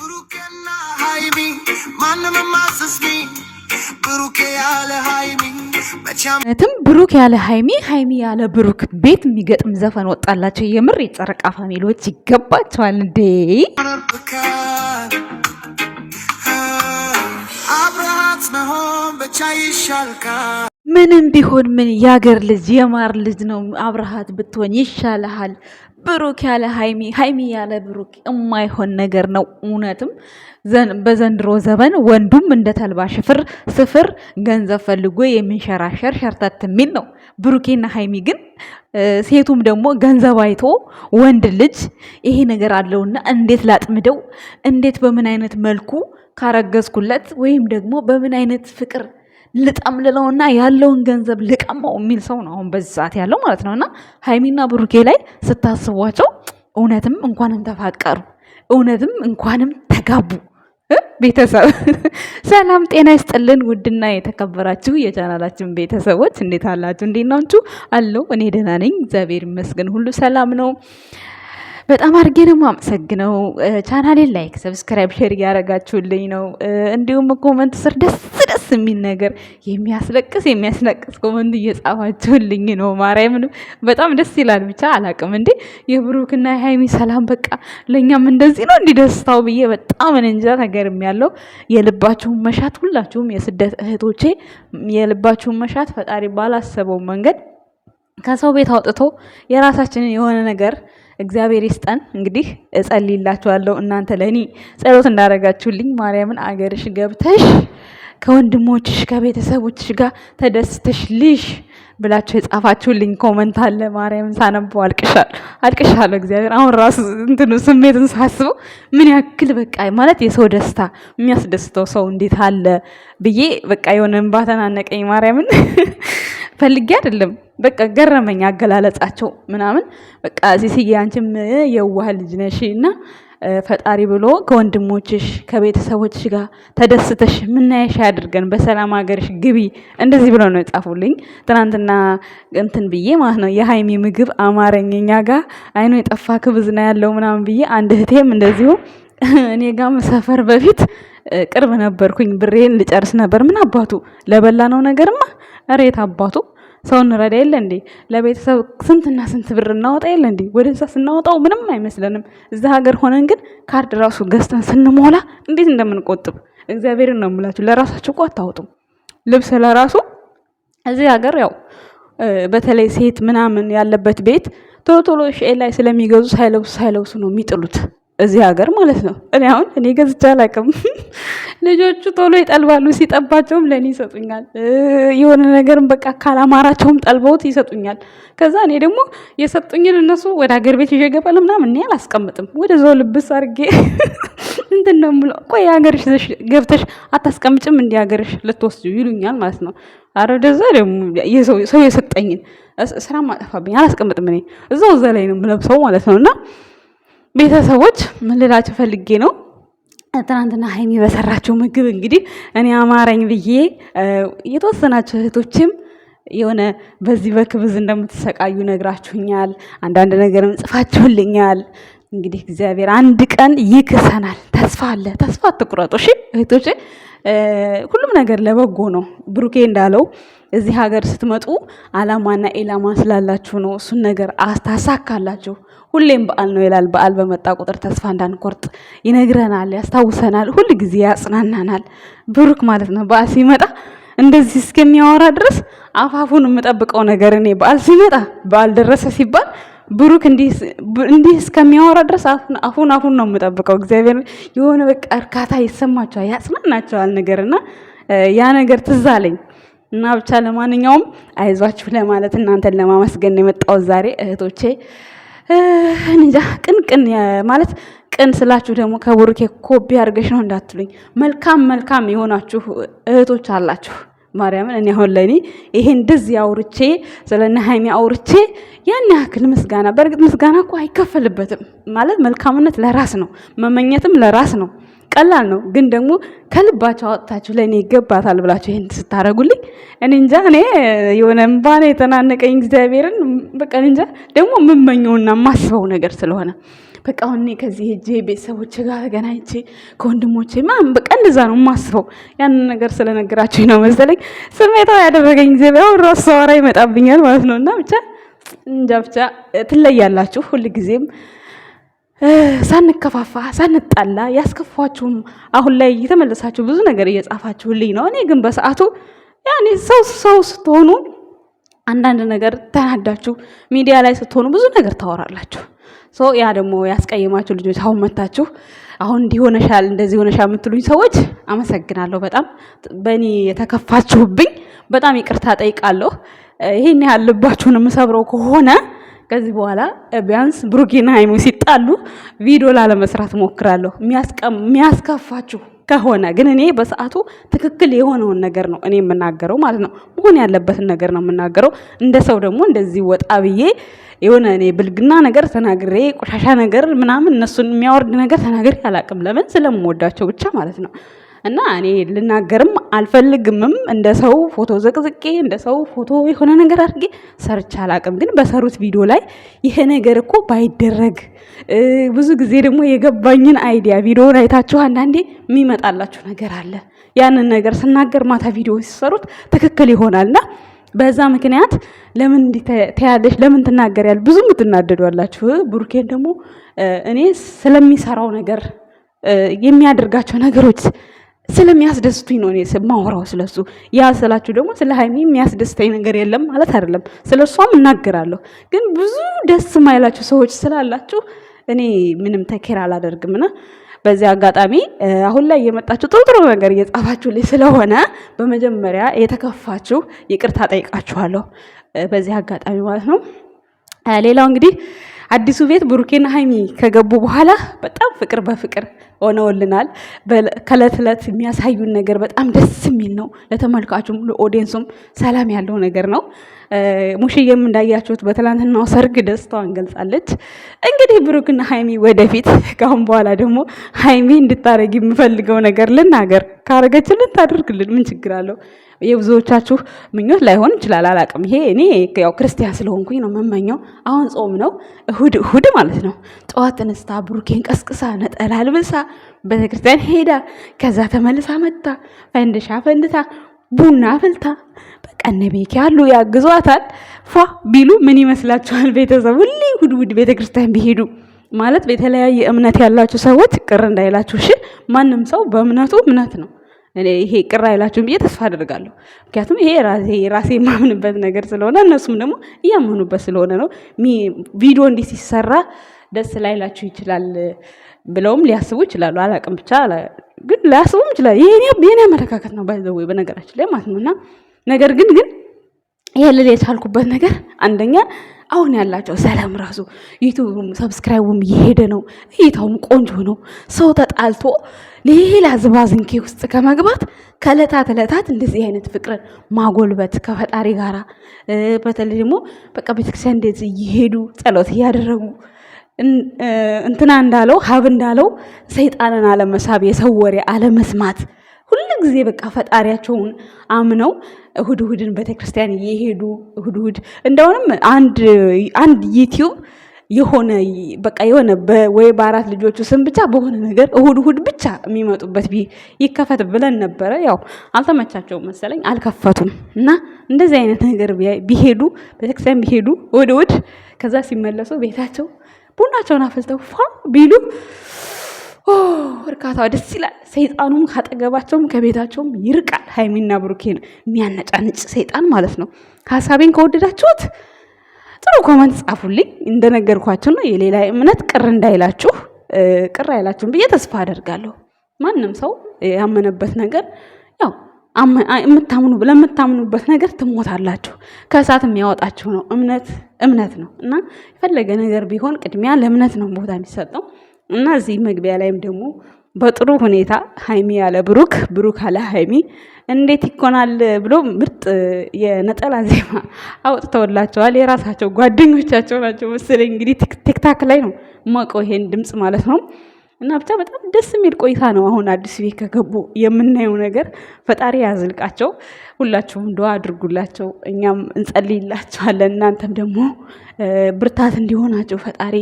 ብሩኬና ሀይሚ ማንም ብሩኬ ያለ ሀይሚ ብሩክ ያለ ሀይሚ ሀይሚ ያለ ብሩክ ቤት የሚገጥም ዘፈን ወጣላቸው። የምር የጨረቃ ፋሚሊዎች ይገባቸዋል እንዴ! አብረሃት መሆን ብቻ ይሻልካል። ምንም ቢሆን ምን የአገር ልጅ የማር ልጅ ነው። አብረሃት ብትሆን ይሻልሃል። ብሩክ ያለ ሀይሚ ሀይሚ ያለ ብሩክ የማይሆን ነገር ነው። እውነትም በዘንድሮ ዘመን ወንዱም እንደ ተልባ ሽፍር ስፍር ገንዘብ ፈልጎ የሚንሸራሸር ሸርተት የሚል ነው። ብሩኬና ሀይሚ ግን ሴቱም ደግሞ ገንዘብ አይቶ ወንድ ልጅ ይሄ ነገር አለውና እንዴት ላጥምደው፣ እንዴት በምን አይነት መልኩ ካረገዝኩለት ወይም ደግሞ በምን አይነት ፍቅር ልጠምልለውና ያለውን ገንዘብ ልቀማው የሚል ሰው ነው አሁን በዚህ ሰዓት ያለው ማለት ነው። እና ሀይሚና ብሩኬ ላይ ስታስቧቸው እውነትም እንኳንም ተፋቀሩ እውነትም እንኳንም ተጋቡ። ቤተሰብ ሰላም ጤና ይስጥልን። ውድና የተከበራችሁ የቻናላችን ቤተሰቦች እንዴት አላችሁ? እንዴት ናችሁ? አለው እኔ ደህና ነኝ፣ እግዚአብሔር ይመስገን፣ ሁሉ ሰላም ነው። በጣም አድርጌ ነው የማመሰግነው። ቻናሌን ላይክ፣ ሰብስክራይብ፣ ሼር እያደረጋችሁልኝ ነው። እንዲሁም ኮመንት ስር ደስ ደስ የሚል ነገር የሚያስለቅስ የሚያስለቅስ ኮመንት እየጻፋችሁልኝ ነው። ማርያምን በጣም ደስ ይላል። ብቻ አላቅም እንዴ የብሩክና የሀይሚ ሰላም በቃ ለእኛም እንደዚህ ነው እንዲህ ደስታው ብዬ በጣም እንጃ ነገርም ያለው የልባችሁን መሻት ሁላችሁም የስደት እህቶቼ የልባችሁን መሻት ፈጣሪ ባላሰበው መንገድ ከሰው ቤት አውጥቶ የራሳችንን የሆነ ነገር እግዚአብሔር ይስጠን። እንግዲህ እጸልይላችኋለሁ እናንተ ለእኔ ጸሎት እንዳደረጋችሁልኝ። ማርያምን አገርሽ ገብተሽ ከወንድሞችሽ ከቤተሰቦችሽ ጋር ተደስተሽ ልሽ ብላችሁ የጻፋችሁልኝ ኮመንት አለ። ማርያም ሳነበው አልቅሻል አልቅሻለሁ። እግዚአብሔር አሁን ራሱ እንትኑ ስሜትን ሳስበው ምን ያክል በቃ ማለት የሰው ደስታ የሚያስደስተው ሰው እንዴት አለ ብዬ በቃ የሆነ እንባ ተናነቀኝ። ማርያምን ፈልጌ አይደለም በቃ ገረመኝ አገላለጻቸው ምናምን በቃ እዚህ አንቺም የዋህ ልጅ ነሽ እና ፈጣሪ ብሎ ከወንድሞችሽ ከቤተሰቦችሽ ጋር ተደስተሽ ምናያሽ ያድርገን፣ በሰላም ሀገርሽ ግቢ እንደዚህ ብሎ ነው የጻፉልኝ። ትናንትና እንትን ብዬ ማለት ነው የሀይሚ ምግብ አማረኝ እኛ ጋር አይኑ የጠፋ ክብዝ ነው ያለው ምናምን ብዬ አንድ እህቴም እንደዚሁ እኔ ጋር ሰፈር በፊት ቅርብ ነበርኩኝ፣ ብሬን ልጨርስ ነበር። ምን አባቱ ለበላ ነው ነገርማ ሬት አባቱ ሰው እንረዳ የለ እንዴ? ለቤተሰብ ስንትና ስንት ብር እናወጣ የለ እንዴ? ወደዛ ስናወጣው ምንም አይመስለንም። እዛ ሀገር ሆነን ግን ካርድ ራሱ ገዝተን ስንሞላ እንዴት እንደምንቆጥብ እግዚአብሔርን ነው የምላችሁ። ለራሳችሁ እኮ አታወጡም። ልብስ ለራሱ እዚህ ሀገር ያው በተለይ ሴት ምናምን ያለበት ቤት ቶሎ ቶሎ ሼል ላይ ስለሚገዙ ሳይለብሱ ሳይለብሱ ነው የሚጥሉት። እዚህ ሀገር ማለት ነው። እኔ አሁን እኔ ገዝቼ አላውቅም። ልጆቹ ቶሎ ይጠልባሉ። ሲጠባቸውም ለእኔ ይሰጡኛል። የሆነ ነገርም በቃ ካላማራቸውም ጠልበውት ይሰጡኛል። ከዛ እኔ ደግሞ የሰጡኝን እነሱ ወደ ሀገር ቤት ይዤ እገባለሁ ምናምን እኔ አላስቀምጥም። ወደ ልብስ አድርጌ እንትን ነው የምለው። ቆይ የሀገርሽ ገብተሽ አታስቀምጭም እንዲህ ሀገርሽ ልትወስዱ ይሉኛል ማለት ነው። አረ ወደዛ ደግሞ ሰው የሰጠኝን ስራ ማጠፋብኝ አላስቀምጥም። እኔ እዛው እዛ ላይ ነው የምለብሰው ማለት ነው እና ቤተሰቦች ምን ልላችሁ ፈልጌ ነው ትናንትና ሀይሚ በሰራችው ምግብ እንግዲህ እኔ አማረኝ ብዬ የተወሰናቸው እህቶችም የሆነ በዚህ በክብዝ እንደምትሰቃዩ ነግራችሁኛል። አንዳንድ ነገርም ጽፋችሁልኛል። እንግዲህ እግዚአብሔር አንድ ቀን ይክሰናል። ተስፋ አለ። ተስፋ አትቁረጡ እሺ ሁሉም ነገር ለበጎ ነው። ብሩኬ እንዳለው እዚህ ሀገር ስትመጡ አላማና ኢላማ ስላላችሁ ነው። እሱን ነገር አስታሳካላችሁ። ሁሌም በዓል ነው ይላል። በዓል በመጣ ቁጥር ተስፋ እንዳንቆርጥ ይነግረናል፣ ያስታውሰናል፣ ሁል ጊዜ ያጽናናናል። ብሩክ ማለት ነው በዓል ሲመጣ እንደዚህ እስከሚያወራ ድረስ አፋፉን የምጠብቀው ነገር እኔ በዓል ሲመጣ በዓል ደረሰ ሲባል ብሩክ እንዲህ እስከሚያወራ ድረስ አፉን አፉን ነው የምጠብቀው። እግዚአብሔር የሆነ በቃ እርካታ ይሰማቸዋል፣ ያጽናናቸዋል ነገርና ያ ነገር ትዝ አለኝ እና ብቻ ለማንኛውም አይዟችሁ ለማለት እናንተን ለማመስገን የመጣው ዛሬ እህቶቼ እንጃ ቅንቅን ማለት ቅን ስላችሁ ደግሞ ከቡርኬ ኮቢ አድርገሽ ነው እንዳትሉኝ። መልካም መልካም የሆናችሁ እህቶች አላችሁ። ማርያምን እኔ አሁን ለእኔ ይሄ እንደዚህ አውርቼ ስለ እነ ሀይሚ አውርቼ ያን ያክል ምስጋና፣ በእርግጥ ምስጋና እኮ አይከፈልበትም ማለት መልካምነት ለራስ ነው፣ መመኘትም ለራስ ነው። ቀላል ነው፣ ግን ደግሞ ከልባቸው አወጥታችሁ ለእኔ ይገባታል ብላችሁ ይህን ስታደረጉልኝ እኔ እንጃ እኔ የሆነ እምባነ የተናነቀኝ እግዚአብሔርን በቃ እንጃ ደግሞ የምመኘውና የማስበው ነገር ስለሆነ በቃ አሁን እኔ ከዚህ ሄጄ ቤተሰቦች ጋር ተገናኝቼ ከወንድሞቼ ምናምን በቃ እንደዛ ነው የማስበው። ያንን ነገር ስለነገራችሁ ነው መሰለኝ ስሜታዊ ያደረገኝ ጊዜ አሁን ራሱ ሰዋራ ይመጣብኛል ማለት ነው እና ብቻ እንጃ ብቻ ትለያላችሁ ሁልጊዜም ሳንከፋፋ ሳንጣላ ያስከፋችሁም አሁን ላይ እየተመለሳችሁ ብዙ ነገር እየጻፋችሁልኝ ነው። እኔ ግን በሰዓቱ ያኔ ሰው ሰው ስትሆኑ አንዳንድ ነገር ተናዳችሁ ሚዲያ ላይ ስትሆኑ ብዙ ነገር ታወራላችሁ። ያ ደግሞ ያስቀየማችሁ ልጆች አሁን መታችሁ አሁን እንዲህ ሆነሻል እንደዚህ ሆነሻል የምትሉኝ ሰዎች አመሰግናለሁ። በጣም በእኔ የተከፋችሁብኝ በጣም ይቅርታ ጠይቃለሁ። ይህን ያህል ልባችሁን የምሰብረው ከሆነ ከዚህ በኋላ ቢያንስ ብሩኬና ሃይሚ ሲጣሉ ቪዲዮ ላለመስራት ሞክራለሁ። የሚያስከፋችሁ ከሆነ ግን እኔ በሰዓቱ ትክክል የሆነውን ነገር ነው እኔ የምናገረው ማለት ነው። መሆን ያለበትን ነገር ነው የምናገረው። እንደ ሰው ደግሞ እንደዚህ ወጣ ብዬ የሆነ እኔ ብልግና ነገር ተናግሬ ቆሻሻ ነገር ምናምን እነሱን የሚያወርድ ነገር ተናግሬ አላቅም። ለምን ስለምወዳቸው ብቻ ማለት ነው። እና እኔ ልናገርም አልፈልግምም እንደ ሰው ፎቶ ዘቅዝቄ እንደ ሰው ፎቶ የሆነ ነገር አድርጌ ሰርች አላቅም። ግን በሰሩት ቪዲዮ ላይ ይሄ ነገር እኮ ባይደረግ ብዙ ጊዜ ደግሞ የገባኝን አይዲያ ቪዲዮን አይታችሁ አንዳንዴ የሚመጣላችሁ ነገር አለ። ያንን ነገር ስናገር ማታ ቪዲዮ ሲሰሩት ትክክል ይሆናልና በዛ ምክንያት ለምን ተያለሽ ለምን ብዙ የምትናደዱ አላችሁ። ብሩኬን ደግሞ እኔ ስለሚሰራው ነገር የሚያደርጋቸው ነገሮች ስለሚያስደስቱኝ ነው እኔ ማውራው ስለሱ። ያ ስላችሁ ደግሞ ስለ ሀይሚ የሚያስደስተኝ ነገር የለም ማለት አይደለም። ስለ እሷም እናገራለሁ። ግን ብዙ ደስ ማይላችሁ ሰዎች ስላላችሁ እኔ ምንም ተኬር አላደርግም እና በዚህ አጋጣሚ አሁን ላይ የመጣችሁ ጥሩ ጥሩ ነገር እየጻፋችሁ ላይ ስለሆነ በመጀመሪያ የተከፋችሁ ይቅርታ ጠይቃችኋለሁ፣ በዚህ አጋጣሚ ማለት ነው። ሌላው እንግዲህ አዲሱ ቤት ብሩኬና ሀይሚ ከገቡ በኋላ በጣም ፍቅር በፍቅር ሆነውልናል። ከእለት እለት የሚያሳዩን ነገር በጣም ደስ የሚል ነው። ለተመልካቹም ለኦዲየንሱም ሰላም ያለው ነገር ነው። ሙሽዬም እንዳያችሁት በትላንትናው ሰርግ ደስታዋን ገልጻለች። እንግዲህ ብሩክና ሀይሚ ወደፊት ካሁን በኋላ ደግሞ ሀይሚ እንድታረግ የምፈልገው ነገር ልናገር ካረገችልን ታደርግልን ምን ችግር አለው? የብዙዎቻችሁ ምኞት ላይሆን ይችላል፣ አላቅም። ይሄ እኔ ያው ክርስቲያን ስለሆንኩኝ ነው የምመኘው። አሁን ጾም ነው፣ እሁድ እሁድ ማለት ነው። ጠዋት ተነስታ ብሩኬን ቀስቅሳ ነጠላ ልብሳ ቤተክርስቲያን ሄዳ ከዛ ተመልሳ መጥታ ፈንድሻ ፈንድታ ቡና ፍልታ በቃ እነ ያሉ ያግዟታል። ፏ ቢሉ ምን ይመስላችኋል? ቤተሰብ ሁሌ እሁድ እሁድ ቤተክርስቲያን ቢሄዱ ማለት በተለያየ እምነት ያላችሁ ሰዎች ቅር እንዳይላችሁ። እሺ ማንም ሰው በእምነቱ እምነት ነው እኔ ይሄ ቅር አይላችሁም ብዬ ተስፋ አደርጋለሁ። ምክንያቱም ይሄ ራሴ ራሴ የማምንበት ነገር ስለሆነ እነሱም ደግሞ እያመኑበት ስለሆነ ነው። ቪዲዮ እንዲህ ሲሰራ ደስ ላይላችሁ ይችላል ብለውም ሊያስቡ ይችላሉ። አላቅም ብቻ ግን ሊያስቡም ይችላል። የኔ አመለካከት ነው ባይዘወይ በነገራችን ላይ ማለት ነው እና ነገር ግን ግን ይሄ ልል የቻልኩበት ነገር አንደኛ አሁን ያላቸው ሰላም ራሱ ዩቱብም ሰብስክራይቡም እየሄደ ነው፣ እይታውም ቆንጆ ነው። ሰው ተጣልቶ ሌላ ዝባዝንኬ ውስጥ ከመግባት ከእለታት እለታት እንደዚህ አይነት ፍቅርን ማጎልበት ከፈጣሪ ጋራ በተለይ ደግሞ በቃ ቤተክርስቲያን እንደዚህ እየሄዱ ጸሎት እያደረጉ እንትና እንዳለው ሀብ እንዳለው ሰይጣንን አለመሳብ የሰው ወሬ አለመስማት ሁሉ ጊዜ በቃ ፈጣሪያቸውን አምነው እሁድ እሁድን ቤተክርስቲያን እየሄዱ እሁድ እሁድ እንደውንም አንድ አንድ ዩቲዩብ የሆነ በቃ የሆነ ወይ በአራት ልጆቹ ስም ብቻ በሆነ ነገር እሁድ እሁድ ብቻ የሚመጡበት ይከፈት ብለን ነበረ። ያው አልተመቻቸውም መሰለኝ አልከፈቱም። እና እንደዚህ አይነት ነገር ቢሄዱ ቤተክርስቲያን ቢሄዱ እሁድ እሁድ ከዛ ሲመለሱ ቤታቸው ቡናቸውን አፈልተው ፏ ቢሉ እርካታ ደስ ይላል። ሰይጣኑም ካጠገባቸውም ከቤታቸውም ይርቃል። ሀይሚና ብሩኬን የሚያነጫንጭ ሰይጣን ማለት ነው። ሀሳቤን ከወደዳችሁት ጥሩ ኮመንት ጻፉልኝ። እንደነገርኳችሁ ነው። የሌላ እምነት ቅር እንዳይላችሁ ቅር አይላችሁም ብዬ ተስፋ አደርጋለሁ። ማንም ሰው ያመነበት ነገር ያው የምታምኑ ለምታምኑበት ነገር ትሞታላችሁ። ከእሳት የሚያወጣችሁ ነው። እምነት እምነት ነው እና የፈለገ ነገር ቢሆን ቅድሚያ ለእምነት ነው ቦታ የሚሰጠው። እና እዚህ መግቢያ ላይም ደግሞ በጥሩ ሁኔታ ሀይሚ ያለ ብሩክ ብሩክ አለ ሀይሚ እንዴት ይኮናል ብሎ ምርጥ የነጠላ ዜማ አውጥተውላቸዋል። የራሳቸው ጓደኞቻቸው ናቸው መሰለኝ እንግዲህ ቲክታክ ላይ ነው ማውቀው ይሄን ድምፅ ማለት ነው። እና ብቻ በጣም ደስ የሚል ቆይታ ነው። አሁን አዲስ ቤት ከገቡ የምናየው ነገር ፈጣሪ ያዝልቃቸው። ሁላችሁም ዱአ አድርጉላቸው፣ እኛም እንጸልይላቸዋለን። እናንተም ደግሞ ብርታት እንዲሆናቸው ፈጣሪ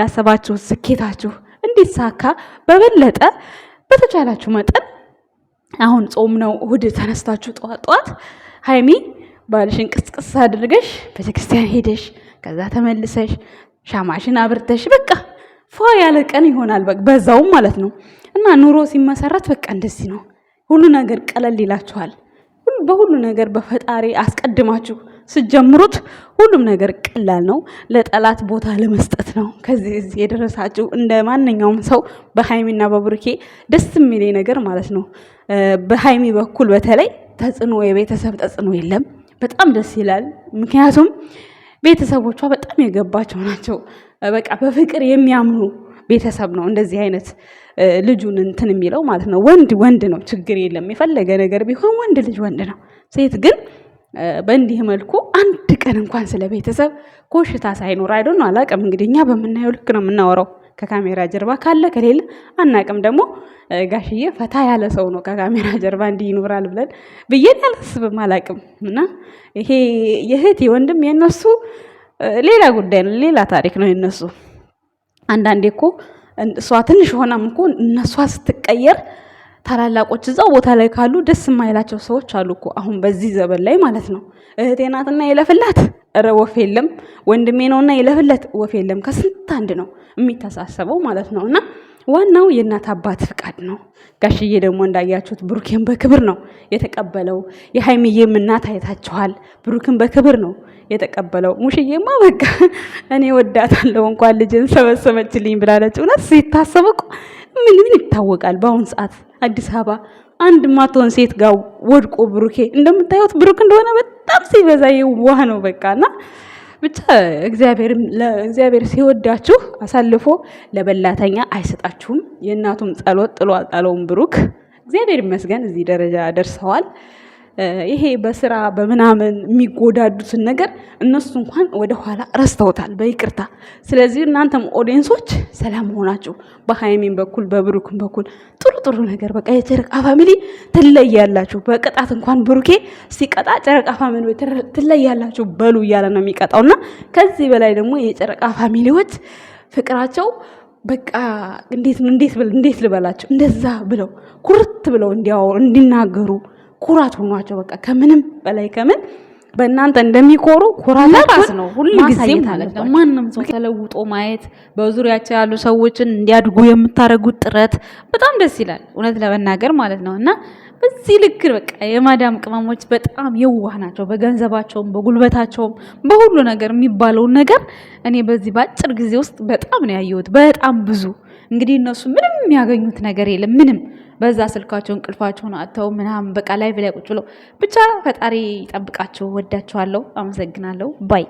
ያሰባችሁ ስኬታችሁ እንዲሳካ በበለጠ በተቻላችሁ መጠን አሁን ጾም ነው፣ እሁድ ተነስታችሁ ጠዋት ጠዋት ሀይሚ ባልሽን ቅስቅስ አድርገሽ ቤተክርስቲያን ሄደሽ ከዛ ተመልሰሽ ሻማሽን አብርተሽ በቃ ፏ ያለ ቀን ይሆናል። በዛውም ማለት ነው እና ኑሮ ሲመሰረት በቃ እንደዚህ ነው። ሁሉ ነገር ቀለል ይላችኋል። በሁሉ ነገር በፈጣሪ አስቀድማችሁ ስትጀምሩት ሁሉም ነገር ቀላል ነው። ለጠላት ቦታ ለመስጠት ነው። ከዚህ እዚህ የደረሳችሁ እንደ ማንኛውም ሰው በሀይሚና በብሩኬ ደስ የሚለኝ ነገር ማለት ነው። በሀይሚ በኩል በተለይ ተጽዕኖ የቤተሰብ ተጽዕኖ የለም። በጣም ደስ ይላል። ምክንያቱም ቤተሰቦቿ በጣም የገባቸው ናቸው። በቃ በፍቅር የሚያምኑ ቤተሰብ ነው። እንደዚህ አይነት ልጁን እንትን የሚለው ማለት ነው። ወንድ ወንድ ነው፣ ችግር የለም። የፈለገ ነገር ቢሆን ወንድ ልጅ ወንድ ነው። ሴት ግን በእንዲህ መልኩ አንድ ቀን እንኳን ስለ ቤተሰብ ኮሽታ ሳይኖር አይዶ ነው አላቅም። እንግዲህ እኛ በምናየው ልክ ነው የምናወራው። ከካሜራ ጀርባ ካለ ከሌለ አናቅም። ደግሞ ጋሽዬ ፈታ ያለ ሰው ነው። ከካሜራ ጀርባ እንዲህ ይኖራል ብለን ብዬን ያላስብም አላቅም። እና ይሄ የእህት የወንድም የነሱ ሌላ ጉዳይ ነው፣ ሌላ ታሪክ ነው የነሱ። አንዳንዴ እኮ እሷ ትንሽ ሆናም እኮ እነሷ ስትቀየር ታላላቆች እዛው ቦታ ላይ ካሉ ደስ የማይላቸው ሰዎች አሉ እኮ አሁን በዚህ ዘመን ላይ ማለት ነው። እህቴ ናትና የለፍላት፣ እረ ወፍ የለም። ወንድሜ ነውና የለፍለት፣ ወፍ የለም። ከስንት አንድ ነው የሚተሳሰበው ማለት ነው። እና ዋናው የእናት አባት ፍቃድ ነው። ጋሽዬ ደግሞ እንዳያችሁት ብሩኬን በክብር ነው የተቀበለው። የሀይምዬም እናት አይታችኋል፣ ብሩክን በክብር ነው የተቀበለው። ሙሽዬማ በቃ እኔ ወዳታለሁ እንኳን ልጅን ሰበሰበችልኝ ብላለች። እውነት ሲታሰብ እኮ ምን ምን ይታወቃል በአሁን ሰዓት አዲስ አበባ አንድ ማትሆን ሴት ጋር ወድቆ ብሩኬ እንደምታዩት ብሩክ እንደሆነ በጣም ሲበዛ የዋህ ነው። በቃ እና ብቻ እግዚአብሔር ሲወዳችሁ አሳልፎ ለበላተኛ አይሰጣችሁም። የእናቱም ጸሎት ጥሎ አልጣለውም ብሩክ እግዚአብሔር ይመስገን እዚህ ደረጃ ደርሰዋል። ይሄ በስራ በምናምን የሚጎዳዱትን ነገር እነሱ እንኳን ወደኋላ ረስተውታል በይቅርታ። ስለዚህ እናንተም ኦዲየንሶች ሰላም መሆናችሁ በሀይሚን በኩል በብሩክን በኩል ጥሩ ጥሩ ነገር በቃ የጨረቃ ፋሚሊ ትለያላችሁ። በቅጣት እንኳን ብሩኬ ሲቀጣ ጨረቃ ፋሚሊ ትለያላችሁ በሉ እያለ ነው እና ከዚህ በላይ ደግሞ የጨረቃ ፋሚሊዎች ፍቅራቸው በቃ እንዴት እንዴት ልበላቸው እንደዛ ብለው ኩርት ብለው እንዲናገሩ ኩራት ሆኗቸው በቃ ከምንም በላይ ከምን በእናንተ እንደሚኮሩ ኩራት ራስ ነው። ሁሉ ጊዜም ማለት ማንም ሰው ተለውጦ ማየት በዙሪያቸው ያሉ ሰዎችን እንዲያድጉ የምታደርጉት ጥረት በጣም ደስ ይላል፣ እውነት ለመናገር ማለት ነው እና በዚህ ልክ በቃ የማዳም ቅመሞች በጣም የዋህ ናቸው። በገንዘባቸውም፣ በጉልበታቸውም በሁሉ ነገር የሚባለውን ነገር እኔ በዚህ በአጭር ጊዜ ውስጥ በጣም ነው ያየሁት። በጣም ብዙ እንግዲህ እነሱ ምንም የሚያገኙት ነገር የለም ምንም በዛ ስልካቸው እንቅልፋቸውን አጥተው ምናምን በቃ ላይ ብላይ ቁጭ ብቻ ፈጣሪ ይጠብቃቸው። ወዳችኋለሁ። አመሰግናለሁ ባይ